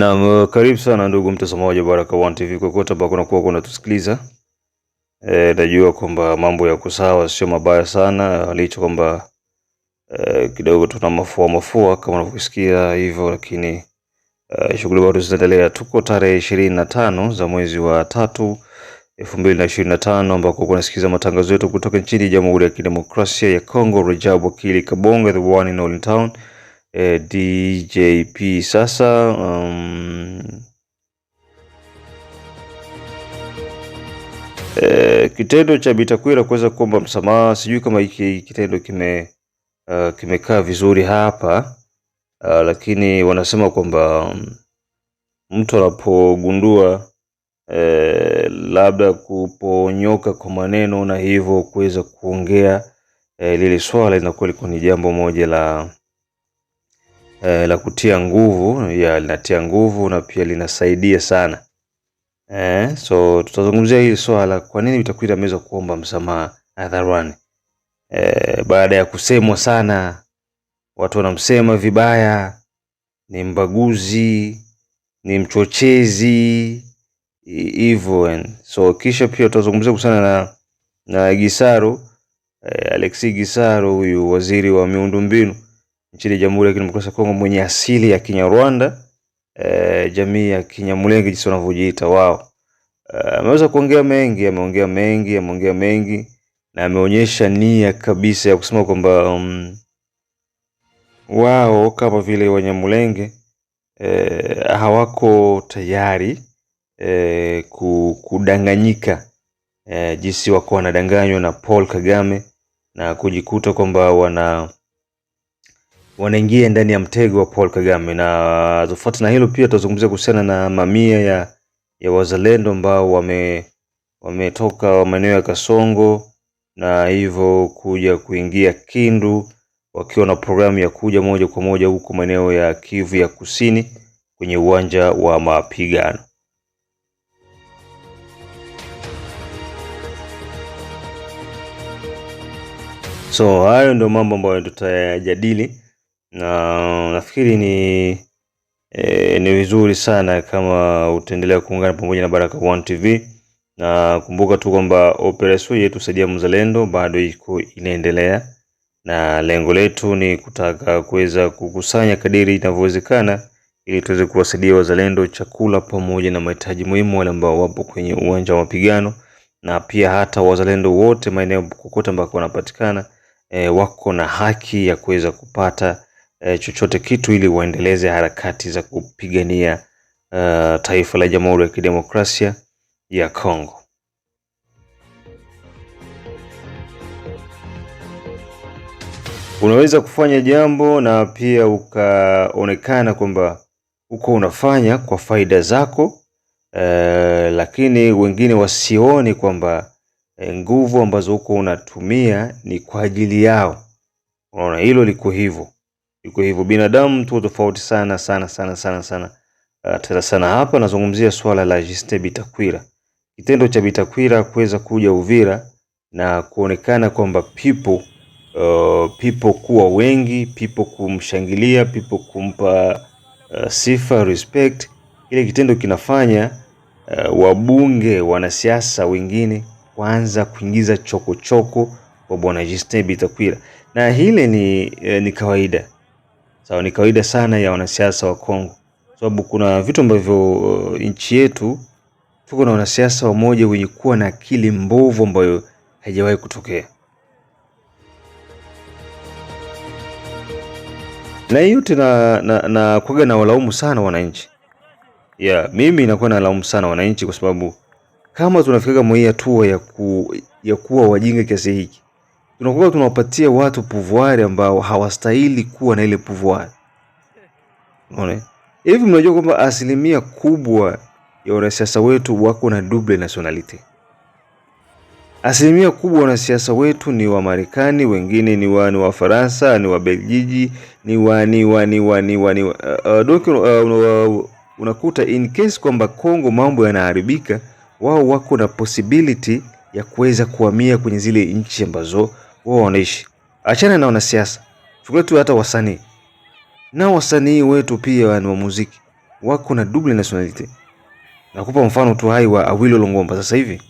Naam, eh, karibu sana ndugu mtazamaji wa baraka One TV kokote ambako unakuwa unatusikiliza. E, najua kwamba mambo ya kusawa sio mabaya sana licha kwamba e, kidogo tuna mafua mafua kama unavyosikia hivyo, lakini e, shughuli bado zinaendelea. Tuko tarehe ishirini na tano za mwezi wa tatu elfu mbili na ishirini na tano ambako kunasikiliza matangazo yetu kutoka nchini Jamhuri ya Kidemokrasia ya Kongo. Rajab Wakili Kabonga, the one in all in town e, eh, DJP sasa um, e, kitendo cha Bitakwira kuweza kuomba msamaha, sijui kama hiki kitendo kime uh, kimekaa vizuri hapa uh, lakini wanasema kwamba um, mtu anapogundua E, labda kuponyoka kwa maneno na hivyo kuweza kuongea e, lile swala linakuwa liko ni jambo moja la eh, la kutia nguvu ya linatia nguvu na pia linasaidia sana eh, so tutazungumzia hili swala, kwa nini BITAKUWITA ameweza kuomba msamaha hadharani eh, baada ya kusemwa sana, watu wanamsema vibaya, ni mbaguzi, ni mchochezi hivyo. So kisha pia tutazungumzia kuhusiana na, na Gisaru eh, Alexi Gisaru huyu waziri wa miundombinu nchini Jamhuri ya Kidemokrasia ya Kongo mwenye asili ya Kinyarwanda e, jamii ya Kinyamulenge jinsi wanavyojiita wao. Eh, ameweza kuongea mengi, ameongea mengi, ameongea mengi na ameonyesha nia kabisa ya kusema kwamba um, wao kama vile Wanyamulenge e, hawako tayari e, kudanganyika e, jinsi wako wanadanganywa na Paul Kagame na kujikuta kwamba wana wanaingia ndani ya mtego wa Paul Kagame. Na tofauti na hilo, pia tutazungumzia kuhusiana na mamia ya, ya wazalendo ambao wame wametoka maeneo ya Kasongo na hivyo kuja kuingia Kindu wakiwa na programu ya kuja moja kwa moja huko maeneo ya Kivu ya Kusini kwenye uwanja wa mapigano. So hayo ndio mambo ambayo tutayajadili na nafikiri ni e, ni vizuri sana kama utaendelea kuungana pamoja na baraka One TV, na kumbuka tu kwamba operesheni yetu saidia mzalendo bado iko inaendelea, na lengo letu ni kutaka kuweza kukusanya kadiri inavyowezekana ili tuweze kuwasaidia wazalendo chakula pamoja na mahitaji muhimu wale ambao wapo kwenye uwanja wa mapigano, na pia hata wazalendo wote maeneo kokote ambako wanapatikana e, wako na haki ya kuweza kupata eh, chochote kitu ili waendeleze harakati za kupigania uh, taifa la Jamhuri ya Kidemokrasia ya Kongo. Unaweza kufanya jambo na pia ukaonekana kwamba uko unafanya kwa faida zako eh, lakini wengine wasioni kwamba eh, nguvu ambazo uko unatumia ni kwa ajili yao. Unaona hilo liko hivyo. Iko hivyo, binadamu tu tofauti sana sana sana sana sana. Ah, tena sana hapa nazungumzia swala la Justin Bitakwira, kitendo cha Bitakwira kuweza kuja Uvira na kuonekana kwamba pipo uh, pipo kuwa wengi, pipo kumshangilia, pipo kumpa uh, sifa respect. Kile kitendo kinafanya uh, wabunge wanasiasa wengine kuanza kuingiza chokochoko kwa bwana Justin Bitakwira, na hile ni, eh, ni kawaida sawa, ni kawaida sana ya wanasiasa wa Kongo, sababu kuna vitu ambavyo uh, nchi yetu tuko na wanasiasa wamoja wenye kuwa na akili mbovu ambayo haijawahi kutokea. Na hiyo tena na, na kuaga na walaumu sana wananchi. Yeah, mimi nakuwa na laumu sana wananchi kwa sababu kama tunafikaga mwa hatua ya, ku, ya kuwa wajinga kiasi hiki tunakuwa tunawapatia watu puvuari ambao hawastahili kuwa na ile puvuari. Unaona? Hivi mnajua kwamba asilimia kubwa ya wanasiasa wetu wako na double nationality. Asilimia kubwa wanasiasa wetu ni wa Marekani, wengine ni wa ni wa Faransa, ni wa Belgiji, ni wa ni wa ni wa ni wa, ni wa. Uh, uh donc uh, uh, unakuta in case kwamba Kongo mambo yanaharibika, wao wako na possibility ya kuweza kuhamia kwenye zile nchi ambazo wao wanaishi. Achana na wanasiasa, fikiria tu hata wasanii na wasanii wetu pia wa muziki wako na double nationality. Nakupa mfano tu hai wa Awilo Longomba sasa hivi.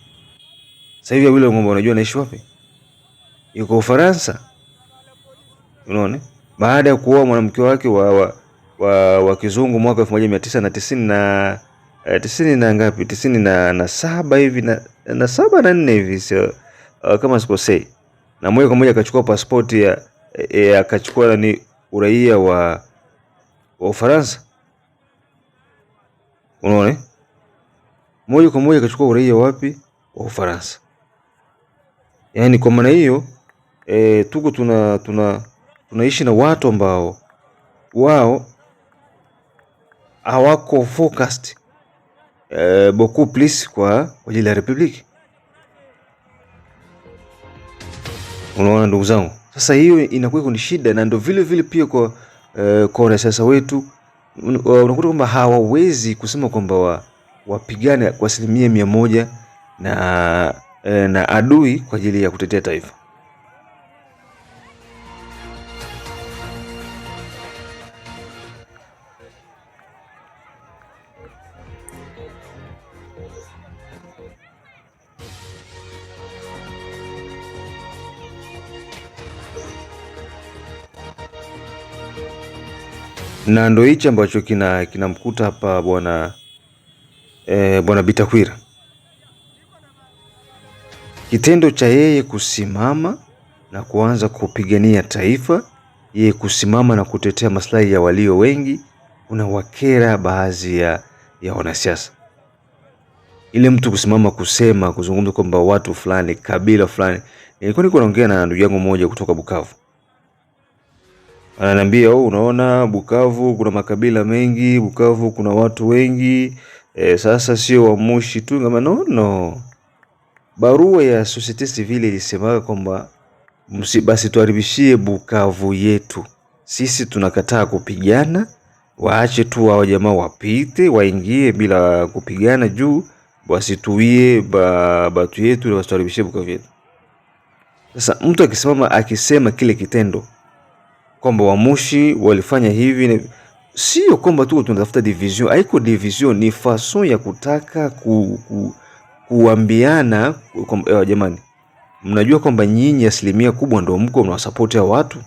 Sasa hivi Awilo Longomba unajua anaishi wapi? Yuko Ufaransa. Unaona? Baada ya kuoa mwanamke wake wa wa, wa, wa kizungu mwaka 1990 na eh, tisini na ngapi? tisini na, na saba hivi na, na saba na nne hivi sio, uh, kama sikosei na moja kwa moja akachukua pasipoti ya akachukua ni uraia wa wa Ufaransa. Unaona? Moja kwa moja akachukua uraia wapi? Wa Ufaransa. Yaani kwa maana hiyo e, tuko tuna tuna tunaishi na watu ambao wao hawako focused e, beaucoup plus kwa ajili ya republique Unaona ndugu zangu, sasa hiyo inakuwa ni shida, na ndio vile vile pia kwa uh, kwa wanasiasa wetu unakuta kwamba hawawezi kusema kwamba wa, wapigane kwa asilimia mia moja na, eh, na adui kwa ajili ya kutetea taifa. na ndo hichi ambacho kina kinamkuta hapa bwana e, bwana Bitakwira, kitendo cha yeye kusimama na kuanza kupigania taifa, yeye kusimama na kutetea maslahi ya walio wengi, kuna wakera baadhi ya, ya wanasiasa. Ile mtu kusimama kusema kuzungumza kwamba watu fulani kabila fulani. Nilikuwa niko naongea na ndugu yangu mmoja kutoka Bukavu ananiambia oh, unaona Bukavu kuna makabila mengi, Bukavu kuna watu wengi e, sasa sio wamushi tu. Ngama no no, barua ya societe civile ilisemaga kwamba basi tuharibishie Bukavu yetu, sisi tunakataa kupigana, waache tu hawa jamaa wapite waingie bila kupigana, juu wasituie ba, batu yetu, wasituharibishie Bukavu yetu. Sasa mtu akisimama akisema kile kitendo kwamba wamushi walifanya hivi. Sio kwamba tu tunatafuta division, haiko division, ni fason ya kutaka ku, ku, kuambiana kwa, eh, jamani, mnajua kwamba nyinyi asilimia kubwa ndio mko mnawasapoti hao watu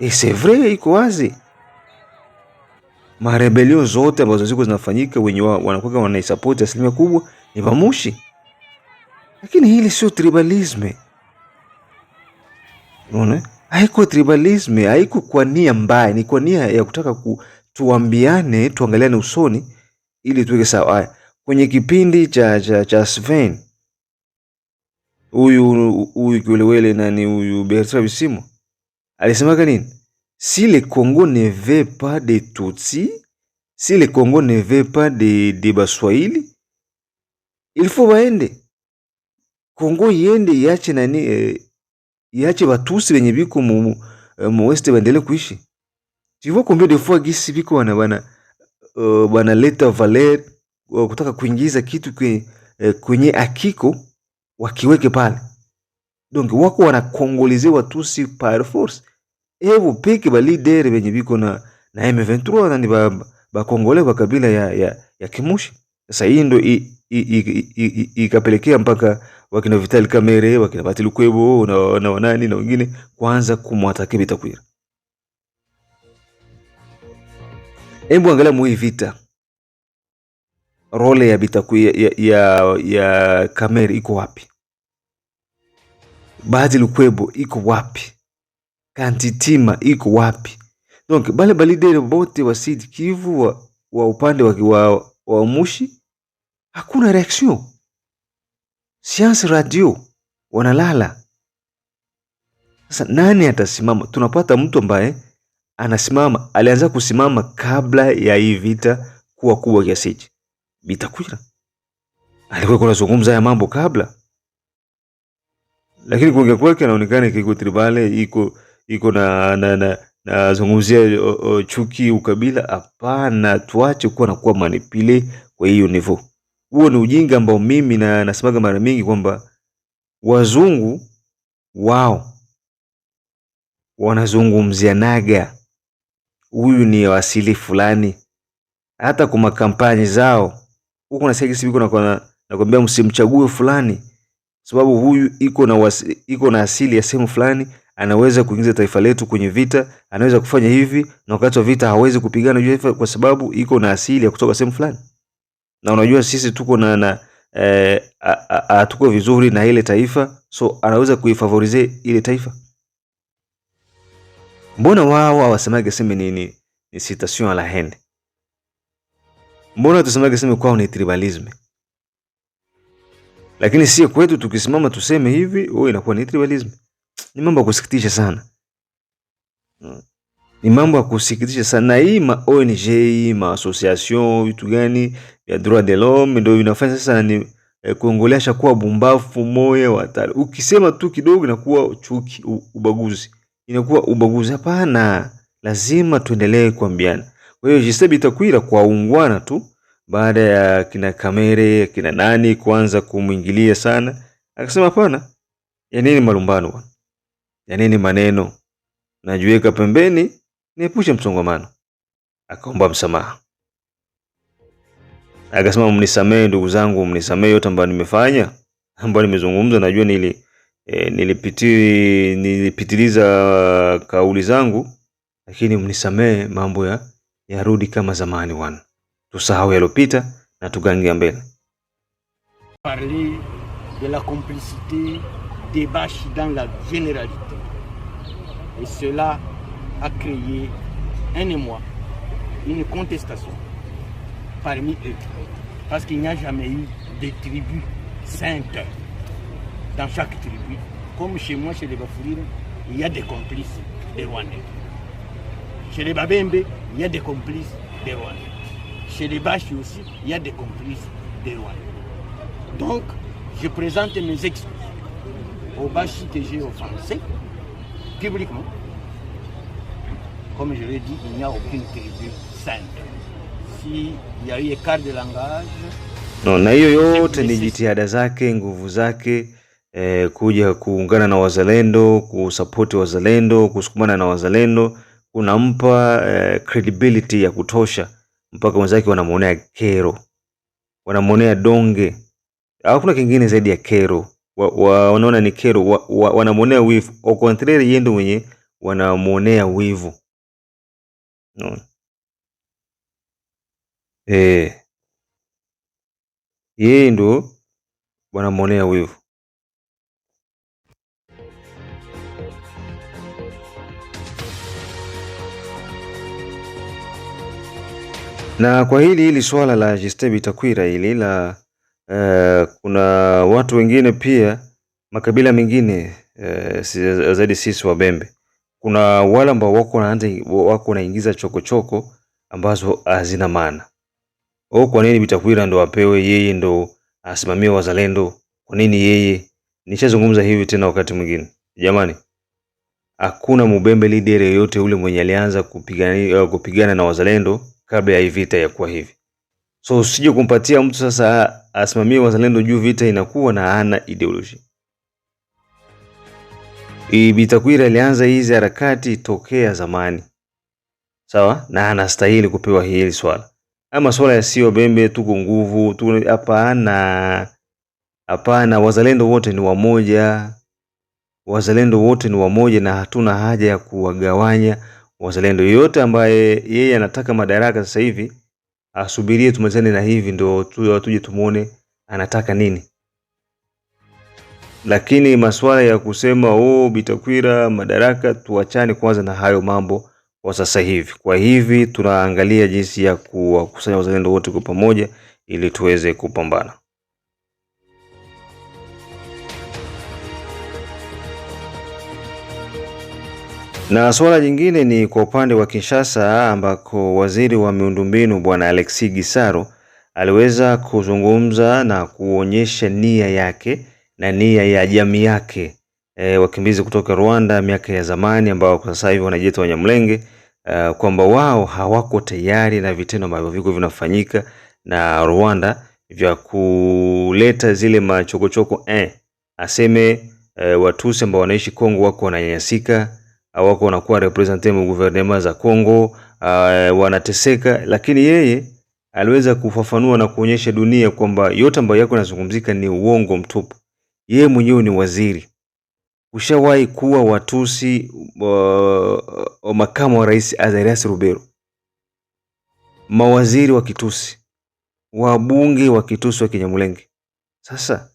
e, c'est vrai, iko wazi marebelio zote ambazo ziko zinafanyika wenye wanakuwa wanaisapoti asilimia kubwa ni wamushi lakini hili sio tribalisme, unaona haiko tribalism, haiko kwa nia mbaya, ni kwa nia ya kutaka ku, tuambiane tuangaliane usoni ili tuweke sawa. Haya, kwenye kipindi cha cha, cha Sven huyu huyu kiwelewele nani huyu Bertrand Bisimwa alisemaka nini? Si le Congo ne veut pas de Tutsi, si le Congo ne veut pas de de Baswahili, il faut baende Kongo yende yache nani eh, iache batusi benye biko mu, eh, mu west waendelee kuishi. Hivyo kumbio defua gisi biko wana bana bana eh, leta valer eh, kutaka kuingiza kitu kwe, kwenye akiko wakiweke pale. Donc wako wana kongolize Watusi par force. evo peke ba leader benye biko na na M23 na ni ba, ba Kongole ba kabila ya ya, ya Kimushi. Sasa hii ndo ikapelekea mpaka wakina Vital Kamerhe, wakina Bahati Lukwebo na, na wanani na wengine kuanza kumwataka Bitakwira. Hebu angalia mwi vita role ya Bitakwira ya, ya, ya Kamerhe iko wapi? Bahati Lukwebo iko wapi? Kantitima iko wapi? Donc bale balidere bote wa Sud Kivu wa, wa upande wa, wa, wa Mushi hakuna reaction Siansi radio wanalala. Sasa nani atasimama? Tunapata mtu ambaye anasimama, alianza kusimama kabla ya hii vita kuwa kubwa kiasi hichi. Bitakwira alikuwa kunazungumza ya mambo kabla, lakini kuongea kwake anaonekana kiko tribale, iko iko na na, na, na zungumzia chuki, ukabila. Hapana, tuache kuwa kuwa manipile kwa hiyo niveau. Huo ni ujinga ambao mimi na nasemaga mara mingi kwamba wazungu wao wanazungumzianaga huyu ni asili fulani, hata kwa makampani zao huko nakwambia, msimchague fulani sababu huyu iko na iko na asili ya sehemu fulani, anaweza kuingiza taifa letu kwenye vita, anaweza kufanya hivi, na wakati wa vita hawezi kupigana kwa sababu iko na asili ya kutoka sehemu fulani na unajua sisi tuko na, na eh, tuko vizuri na ile taifa, so anaweza kuifavorize ile taifa. Mbona wao hawasemage sema ni, ni, ni citation la haine? Mbona tusemage sema kwao ni tribalism? Lakini sio kwetu, tukisimama tuseme hivi, wewe oh, inakuwa ni tribalism. Ni mambo ya kusikitisha sana. Hmm ni mambo ya kusikitisha sana. Na hii ma ONG ma association vitu gani ya droit de l'homme ndio inafanya sasa ni eh, kuongolesha kuwa bumbafu moyo wa tali. Ukisema tu kidogo inakuwa chuki, ubaguzi, inakuwa ubaguzi. Hapana, lazima tuendelee kuambiana. Kwa hiyo jisebi itakwira kwa ungwana tu, baada ya kina kamere kina nani kuanza kumwingilia sana, akasema hapana, ya nini malumbano, ya nini maneno, najiweka pembeni niepushe msongamano. Akaomba msamaha, akasema mnisamehe ndugu zangu, mnisamehe yote ambayo nimefanya, ambayo nimezungumza. Najua nili e, nilipiti, nilipitiliza kauli zangu, lakini mnisamehe, mambo ya yarudi kama zamani. Wana tusahau yaliopita na tugange mbele. de la complicité bâches dans la généralité et cela a créé un émoi, une contestation parmi eux. Parce qu'il n'y a jamais eu de tribu sainte dans chaque tribu. Comme chez moi, chez les Bafourines, il y a des complices des Rwandais. Chez les Babembe, il y a des complices des Rwandais. Chez les Bashi aussi, il y a des complices des Rwandais. Donc, je présente mes excuses aux Bashi que j'ai offensés publiquement comme je l'ai dit, il n'y a aucune tribu sainte. S'il y a eu écart de langage, no, na hiyo yote ni jitihada zake, nguvu zake eh, kuja kuungana na wazalendo, kusapoti wazalendo, kusukumana na wazalendo kunampa eh, credibility ya kutosha mpaka wenzake wanamwonea kero, wanamwonea donge. Hakuna kingine zaidi ya kero, wanaona wa, ni kero, wanamwonea wivu. Au contrary yeye ndio mwenye wanamwonea wivu. Unaona? Eh. Yeye ndo wanamwonea wivu. Na kwa hili hili swala la Justin Bitakwira hili la uh, kuna watu wengine pia makabila mengine uh, zaidi sisi Wabembe kuna wale ambao wako naanza wako naingiza chokochoko ambazo hazina maana. O, oh, kwa nini Bitakwira ndo apewe yeye ndo asimamie wazalendo? Kwa nini yeye? Nishazungumza hivi tena wakati mwingine, jamani, hakuna mubembe leader yoyote ule mwenye alianza kupigana, eh, kupigana na wazalendo kabla ya vita ya kuwa hivi. So usije kumpatia mtu sasa asimamie wazalendo juu vita inakuwa na ana ideology bitakwira Takwira alianza hizi harakati tokea zamani, sawa, na anastahili kupewa hili swala. Ama swala ya sio bembe, tuko nguvu, tuko hapana, hapana. Wazalendo wote ni wamoja, wazalendo wote ni wamoja, na hatuna haja ya kuwagawanya wazalendo. yeyote ambaye yeye anataka madaraka sasa hivi asubirie tumalizane na hivi, ndio tuje tumuone anataka nini. Lakini masuala ya kusema oh, Bitakwira madaraka, tuachane kwanza na hayo mambo kwa sasa hivi. Kwa hivi tunaangalia jinsi ya kuwakusanya wazalendo wote kwa pamoja ili tuweze kupambana. Na suala jingine ni kwa upande wa Kinshasa ambako waziri wa miundombinu Bwana Alexis Gisaro aliweza kuzungumza na kuonyesha nia yake na nia ya jamii yake e, wakimbizi kutoka Rwanda miaka ya zamani ambao kwa sasa hivi wanajiita Wanyamlenge e, kwamba wao hawako tayari na vitendo ambavyo viko vinafanyika na Rwanda vya kuleta zile machokochoko eh, aseme e, Watusi ambao wanaishi Kongo wako wananyanyasika, wako wanakuwa representative gouvernement za Kongo e, wanateseka, lakini yeye aliweza kufafanua na kuonyesha dunia kwamba yote ambayo yako yanazungumzika ni uongo mtupu yeye mwenyewe ni waziri, ushawahi kuwa watusi wa makamu wa rais Azarias Rubero, mawaziri wa kitusi, wabunge wa kitusi wa Kinyamulenge. Sasa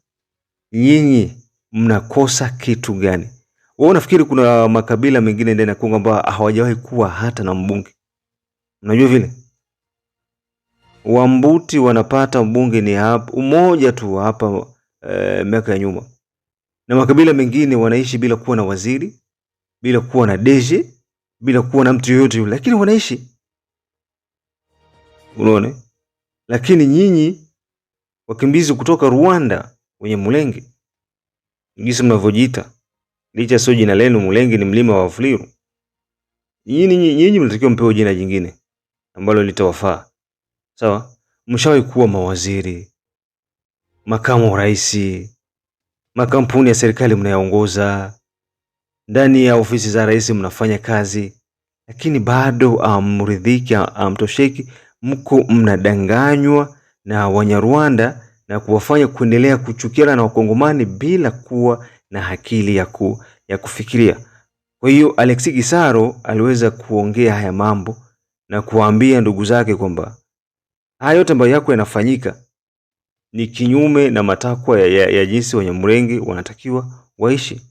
nyinyi mnakosa kitu gani? Wewe unafikiri kuna makabila mengine ndani ya Kongo ambao hawajawahi kuwa hata na mbunge? Unajua vile Wambuti wanapata mbunge ni hapa umoja tu hapa eh, miaka ya nyuma, na makabila mengine wanaishi bila kuwa na waziri, bila kuwa na deje, bila kuwa na mtu yoyote yule, lakini wanaishi. Unaona, lakini nyinyi wakimbizi kutoka Rwanda wenye Mulenge jinsi mnavyojiita, licha sio jina lenu. Mulenge ni mlima wa Fuliru. Nyinyi mnatakiwa mpewe jina jingine ambalo litawafaa. Sawa, mshawahi kuwa mawaziri makamu wa rais, makampuni ya serikali mnayoongoza, ndani ya ofisi za rais mnafanya kazi, lakini bado amridhiki, amtosheki, mko mnadanganywa na Wanyarwanda na kuwafanya kuendelea kuchukiana na Wakongomani bila kuwa na akili ya, ku, ya kufikiria. Kwa hiyo Alexis Gisaro aliweza kuongea haya mambo na kuwaambia ndugu zake kwamba haya yote ambayo yako yanafanyika ni kinyume na matakwa ya, ya, wanatakiwa waishi.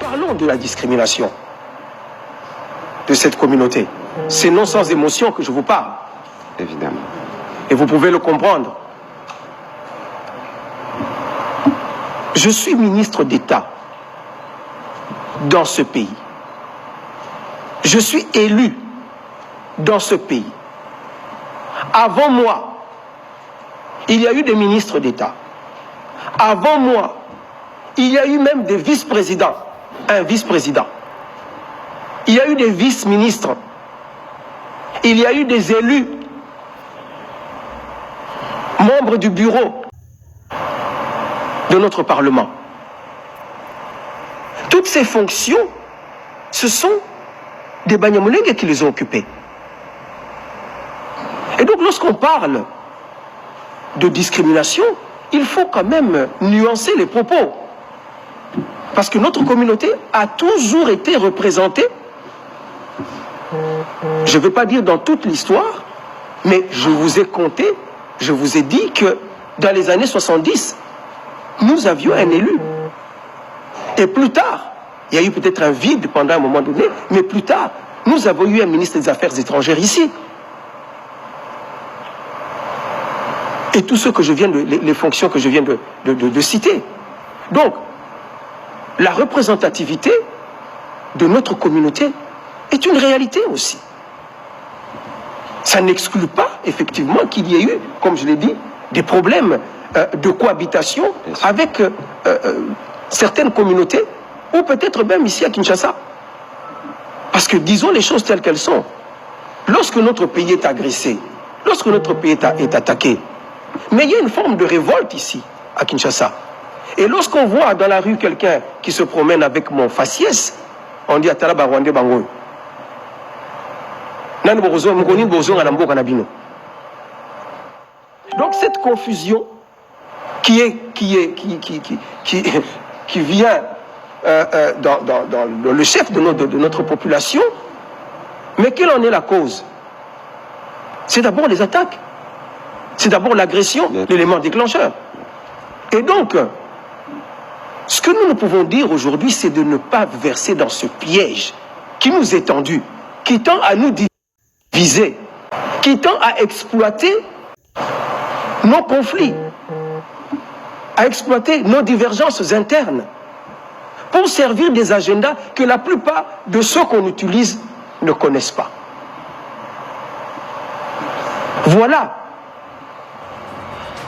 Parlons de la discrimination de cette communauté. C'est non sans émotion que je vous parle. Évidemment. Et vous pouvez le comprendre. Je suis ministre d'État dans ce pays. Je suis élu dans ce pays. Avant moi, il y a eu des ministres d'État. Avant moi, il y a eu même des vice-présidents, un vice-président. Il y a eu des vice-ministres. Il y a eu des élus, membres du bureau de notre Parlement. Toutes ces fonctions, ce sont des Banyamulenge qui les ont occupées. Et donc lorsqu'on parle de discrimination, il faut quand même nuancer les propos. Parce que notre communauté a toujours été représentée, je ne vais pas dire dans toute l'histoire, mais je vous ai compté, je vous ai dit que dans les années 70, nous avions un élu. Et plus tard, il y a eu peut-être un vide pendant un moment donné, mais plus tard, nous avons eu un ministre des Affaires étrangères ici. et tout ce que je viens de, les, fonctions que je viens de, citer. Donc, la représentativité de notre communauté est une réalité aussi. Ça n'exclut pas, effectivement, qu'il y ait eu, comme je l'ai dit, des problèmes euh, de cohabitation avec euh, euh, certaines communautés, ou peut-être même ici à Kinshasa. Parce que disons les choses telles qu'elles sont. Lorsque notre pays est agressé, lorsque notre pays est attaqué, mais il y a une forme de révolte ici, à Kinshasa. Et lorsqu'on voit dans la rue quelqu'un qui se promène avec mon faciès, on dit à Rwande Donc cette confusion qui, est, qui, est, qui, qui, qui, vient euh, euh, dans, le chef de notre population, mais quelle en est la cause C'est d'abord les attaques. C'est d'abord l'agression, l'élément déclencheur. Et donc, ce que nous, nous pouvons dire aujourd'hui, c'est de ne pas verser dans ce piège qui nous est tendu, qui tend à nous diviser, qui tend à exploiter nos conflits, à exploiter nos divergences internes, pour servir des agendas que la plupart de ceux qu'on utilise ne connaissent pas. Voilà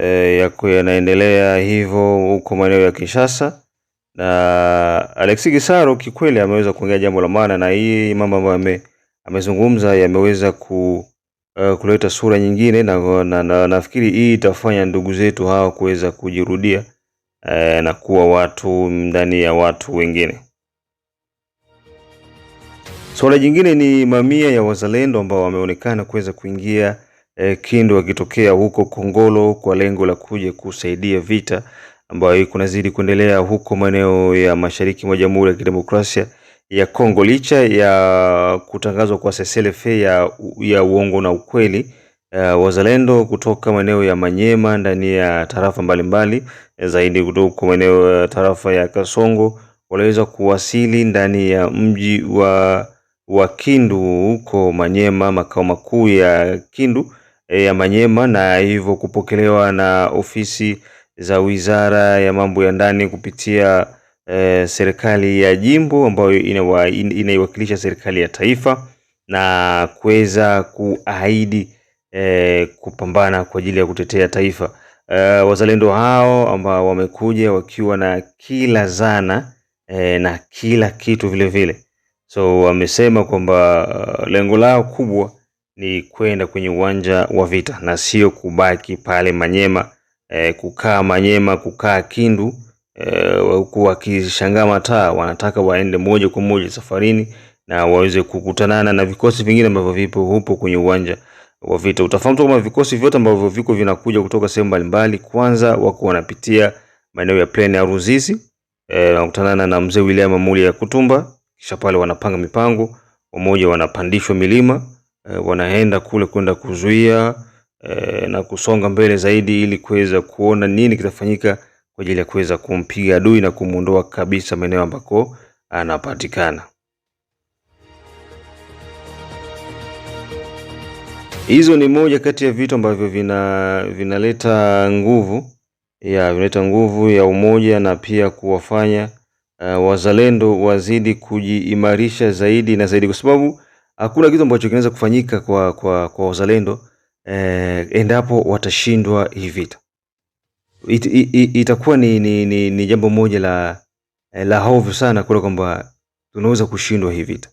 e, yanaendelea hivyo huko maeneo ya Kinshasa na Alexi Gisaro kikweli ameweza kuongea jambo la maana, na hii mambo ambayo ame, amezungumza yameweza ku, uh, kuleta sura nyingine na, na, na nafikiri hii itafanya ndugu zetu hawa kuweza kujirudia uh, na kuwa watu ndani ya watu wengine. Suala jingine ni mamia ya wazalendo ambao wameonekana kuweza kuingia e, Kindu akitokea huko Kongolo kwa lengo la kuja kusaidia vita ambayo kunazidi kuendelea huko maeneo ya mashariki mwa Jamhuri ya Kidemokrasia ya Kongo licha ya kutangazwa kwa fe ya, ya uongo na ukweli. Uh, wazalendo kutoka maeneo ya Manyema ndani ya tarafa mbalimbali eh, zaidi kutoka maeneo ya tarafa ya Kasongo waliweza kuwasili ndani ya mji wa, wa Kindu huko Manyema, makao makuu ya Kindu E, ya Manyema na hivyo kupokelewa na ofisi za Wizara ya Mambo ya Ndani kupitia e, serikali ya jimbo ambayo inawa, inaiwakilisha serikali ya taifa na kuweza kuahidi e, kupambana kwa ajili ya kutetea taifa. E, wazalendo hao ambao wamekuja wakiwa na kila zana e, na kila kitu vile vile. So wamesema kwamba e, lengo lao kubwa ni kwenda kwenye uwanja wa vita na sio kubaki pale Manyema e, kukaa Manyema, kukaa Kindu e, huku wakishangaa mataa. Wanataka waende moja kwa moja safarini na waweze kukutanana na vikosi vingine ambavyo vipo hupo kwenye uwanja wa vita. Utafahamu kama vikosi vyote ambavyo viko vinakuja kutoka sehemu mbalimbali, kwanza wako wanapitia maeneo ya plane ya Ruzizi e, eh, wanakutanana na mzee William Amuli ya Kutumba, kisha pale wanapanga mipango, wamoja wanapandishwa milima e, wanaenda kule kwenda kuzuia e, na kusonga mbele zaidi ili kuweza kuona nini kitafanyika kwa ajili ya kuweza kumpiga adui na kumwondoa kabisa maeneo ambako anapatikana. Hizo ni moja kati ya vitu ambavyo vina vinaleta nguvu ya vinaleta nguvu ya umoja na pia kuwafanya uh, wazalendo wazidi kujiimarisha zaidi na zaidi, kwa sababu Hakuna kitu ambacho kinaweza kufanyika kwa, kwa, kwa wazalendo eh, endapo watashindwa hii vita. It, it, it, itakuwa ni, ni, ni, ni jambo moja la, eh, la hofu sana kule kwamba tunaweza kushindwa hii vita.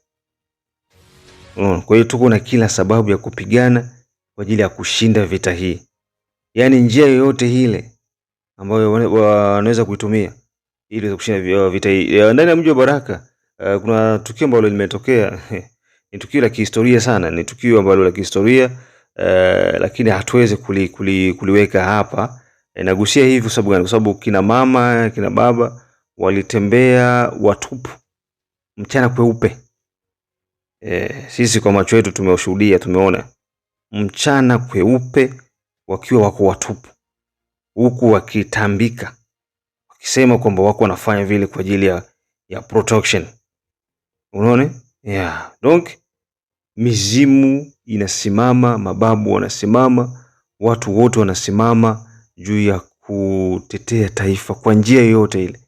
Kwa hiyo tuko na kila sababu ya kupigana kwa ajili ya kushinda vita hii, yaani njia yoyote ile ambayo wanaweza kuitumia ili kushinda vita hii. Eh, ndani ya mji wa Baraka eh, kuna tukio ambalo limetokea ni tukio la kihistoria sana, ni tukio ambalo la kihistoria uh, lakini hatuwezi kuli, kuli, kuliweka hapa. E, nagusia hivi kwa sababu gani? Kwa sababu kina mama kina baba walitembea watupu mchana kweupe. E, sisi kwa macho yetu tumeushuhudia, tumeona mchana kweupe wakiwa wako watupu, huku wakitambika, wakisema kwamba wako wanafanya vile kwa ajili ya, ya protection. Unaona Yeah. Donc mizimu inasimama, mababu wanasimama, watu wote wanasimama juu ya kutetea taifa kwa njia yoyote ile.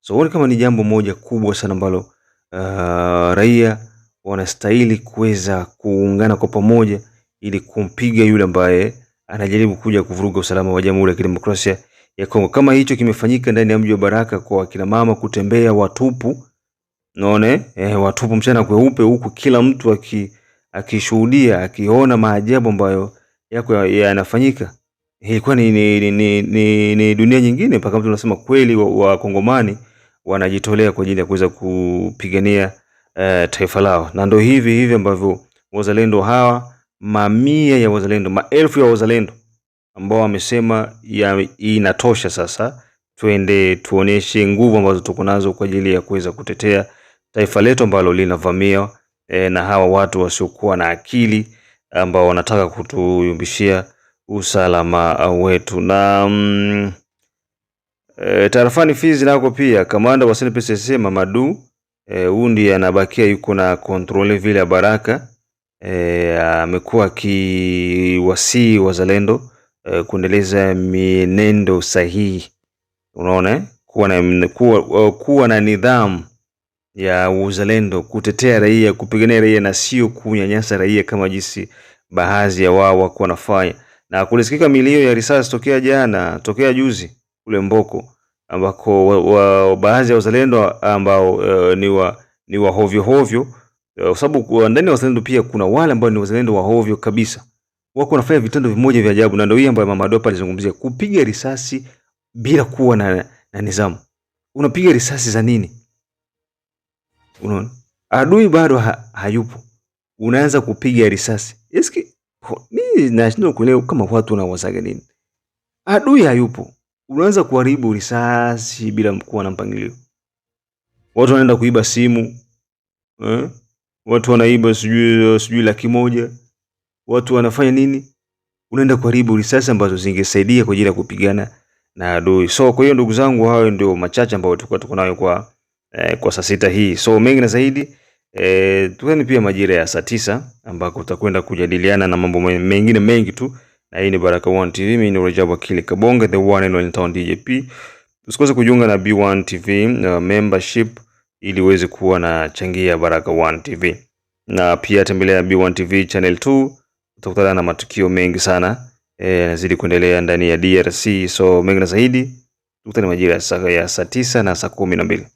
So huoni kama ni jambo moja kubwa sana ambalo uh, raia wanastahili kuweza kuungana kwa pamoja ili kumpiga yule ambaye anajaribu kuja kuvuruga usalama wa Jamhuri ya Kidemokrasia ya Kongo. Kama hicho kimefanyika ndani ya mji wa Baraka kwa wakina mama kutembea watupu Naone eh, watupu mchana kweupe huku kila mtu aki, akishuhudia akiona maajabu ambayo yako yanafanyika. Ilikuwa ni, ni, ni, ni, ni dunia nyingine mpaka mtu anasema kweli wakongomani wa wanajitolea kwa ajili ya kuweza kupigania eh, taifa lao. Na ndio hivi hivi ambavyo wazalendo hawa, mamia ya wazalendo, maelfu ya wazalendo ambao wamesema inatosha sasa, twende tuoneshe nguvu ambazo tuko nazo kwa ajili ya kuweza kutetea taifa letu ambalo linavamia e, na hawa watu wasiokuwa na akili ambao wanataka kutuyumbishia usalama wetu. Na mm, e, eh, taarifani Fizi nako pia kamanda wa SNPCC Mamadu e, eh, Undi anabakia yuko na kontrole vile ya Baraka e, amekuwa akiwasii wazalendo e, kuendeleza mienendo sahihi, unaona kuwa na, kuwa, kuwa na nidhamu ya uzalendo, kutetea raia, kupigania raia na sio kunyanyasa raia kama jinsi baadhi ya wao wako wanafanya. Na kulisikika milio ya risasi tokea jana, tokea juzi kule Mboko ambako baadhi ya wazalendo ambao uh, ni wa ni wa hovyo hovyo eh, kwa sababu ndani ya wazalendo pia kuna wale ambao ni wazalendo wa hovyo kabisa, wako wanafanya vitendo vimoja vya ajabu, na ndio hii ambayo Mama Dopa alizungumzia, kupiga risasi bila kuwa na, na nidhamu. Unapiga risasi za nini? unaona, adui bado ha, hayupo, unaanza kupiga risasi. Eski mimi nashindwa kuelewa kama watu wanawazaga nini. Adui hayupo, unaanza kuharibu risasi bila kuwa na mpangilio. Watu wanaenda kuiba simu eh? Watu wanaiba sijui sijui laki moja, watu wanafanya nini? Unaenda kuharibu risasi ambazo zingesaidia kwa ajili ya kupigana na adui. So kwa hiyo ndugu zangu, hayo ndio machache ambayo tulikuwa tuko nayo kwa eh, kwa saa sita hii. So mengi na zaidi eh, tuweni pia majira ya saa tisa ambako tutakwenda kujadiliana na mambo mengine mengi tu, na hii ni Baraka One TV. Mimi ni Rajab Akili Kabonge, the one and only town DJP. Usikose kujiunga na B1 TV uh, membership ili uweze kuwa na changia Baraka One TV, na pia tembelea B1 TV channel 2 utakutana na matukio mengi sana eh, yanazidi e, kuendelea ndani ya DRC. So mengi na zaidi, tukutane majira ya saa tisa na saa kumi na mbili.